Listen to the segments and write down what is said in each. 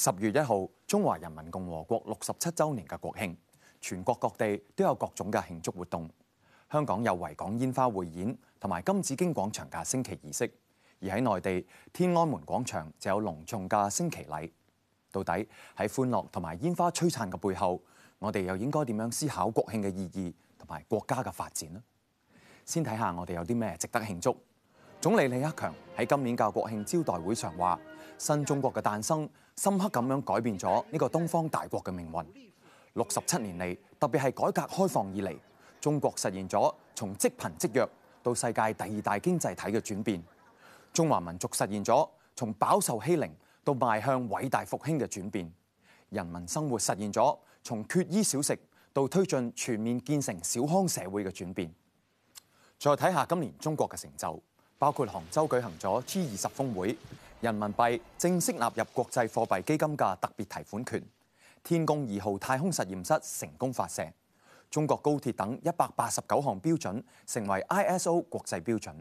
十月一號，中華人民共和國六十七週年嘅國慶，全國各地都有各種嘅慶祝活動。香港有維港煙花匯演，同埋金紫荊廣場嘅升旗儀式。而喺內地，天安門廣場就有隆重嘅升旗禮。到底喺歡樂同埋煙花璀璨嘅背後，我哋又應該點樣思考國慶嘅意義同埋國家嘅發展呢？先睇下我哋有啲咩值得慶祝。總理李克強喺今年嘅國慶招待會上話：「新中國嘅誕生，深刻咁樣改變咗呢個東方大國嘅命運。六十七年嚟，特別係改革開放以嚟，中國實現咗從積貧積弱到世界第二大經濟體嘅轉變；中華民族實現咗從飽受欺凌到邁向偉大復興嘅轉變；人民生活實現咗從缺衣少食到推進全面建成小康社會嘅轉變。再睇下今年中國嘅成就，包括杭州舉行咗 G 二十峰會。人民幣正式納入國際貨幣基金嘅特別提款權，天宮二號太空實驗室成功發射，中國高鐵等一百八十九項標準成為 ISO 國際標準，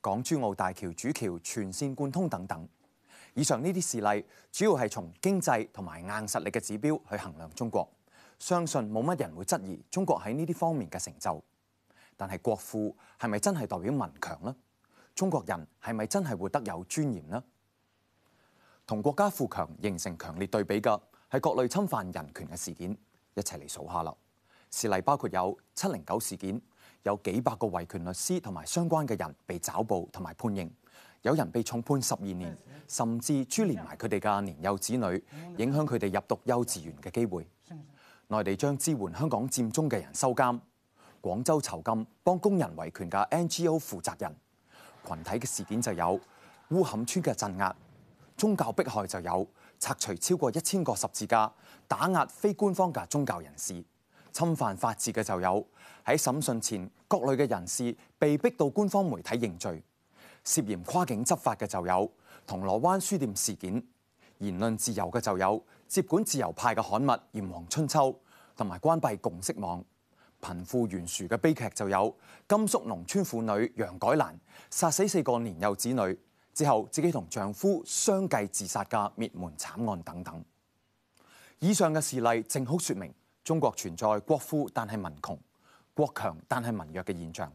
港珠澳大橋主橋全線貫通等等。以上呢啲事例主要係從經濟同埋硬實力嘅指標去衡量中國，相信冇乜人會質疑中國喺呢啲方面嘅成就。但係國富係咪真係代表民強呢？中國人係咪真係活得有尊嚴呢？同國家富強形成強烈對比嘅係各類侵犯人權嘅事件，一齊嚟數下啦。事例包括有七零九事件，有幾百個維權律師同埋相關嘅人被抓捕同埋判刑，有人被重判十二年，甚至株連埋佢哋嘅年幼子女，影響佢哋入讀幼稚園嘅機會。內地將支援香港佔中嘅人收監，廣州囚禁幫工人維權嘅 NGO 負責人，群體嘅事件就有烏坎村嘅鎮壓。宗教迫害就有拆除超過一千個十字架，打壓非官方嘅宗教人士；侵犯法治嘅就有喺審訊前，各類嘅人士被逼到官方媒體認罪；涉嫌跨境執法嘅就有銅鑼灣書店事件；言論自由嘅就有接管自由派嘅刊物《炎黃春秋》，同埋關閉共識網；貧富懸殊嘅悲劇就有甘肅農村婦女楊改蘭殺死四個年幼子女。之後自己同丈夫相繼自殺嘅滅門慘案等等，以上嘅事例正好說明中國存在國富但係民窮、國強但係民弱嘅現象。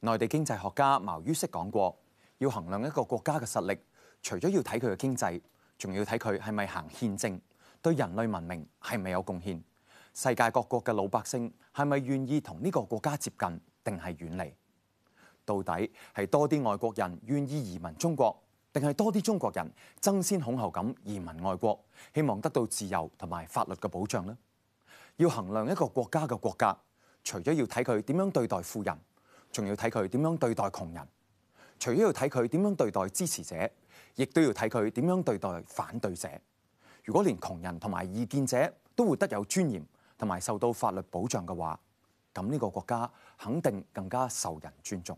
內地經濟學家茅于軾講過，要衡量一個國家嘅實力，除咗要睇佢嘅經濟，仲要睇佢係咪行憲政，對人類文明係咪有貢獻，世界各國嘅老百姓係咪願意同呢個國家接近，定係遠離。到底係多啲外國人願意移民中國，定係多啲中國人爭先恐後咁移民外國，希望得到自由同埋法律嘅保障呢？要衡量一個國家嘅國格，除咗要睇佢點樣對待富人，仲要睇佢點樣對待窮人；除咗要睇佢點樣對待支持者，亦都要睇佢點樣對待反對者。如果連窮人同埋異見者都活得有尊嚴同埋受到法律保障嘅話，咁呢個國家肯定更加受人尊重。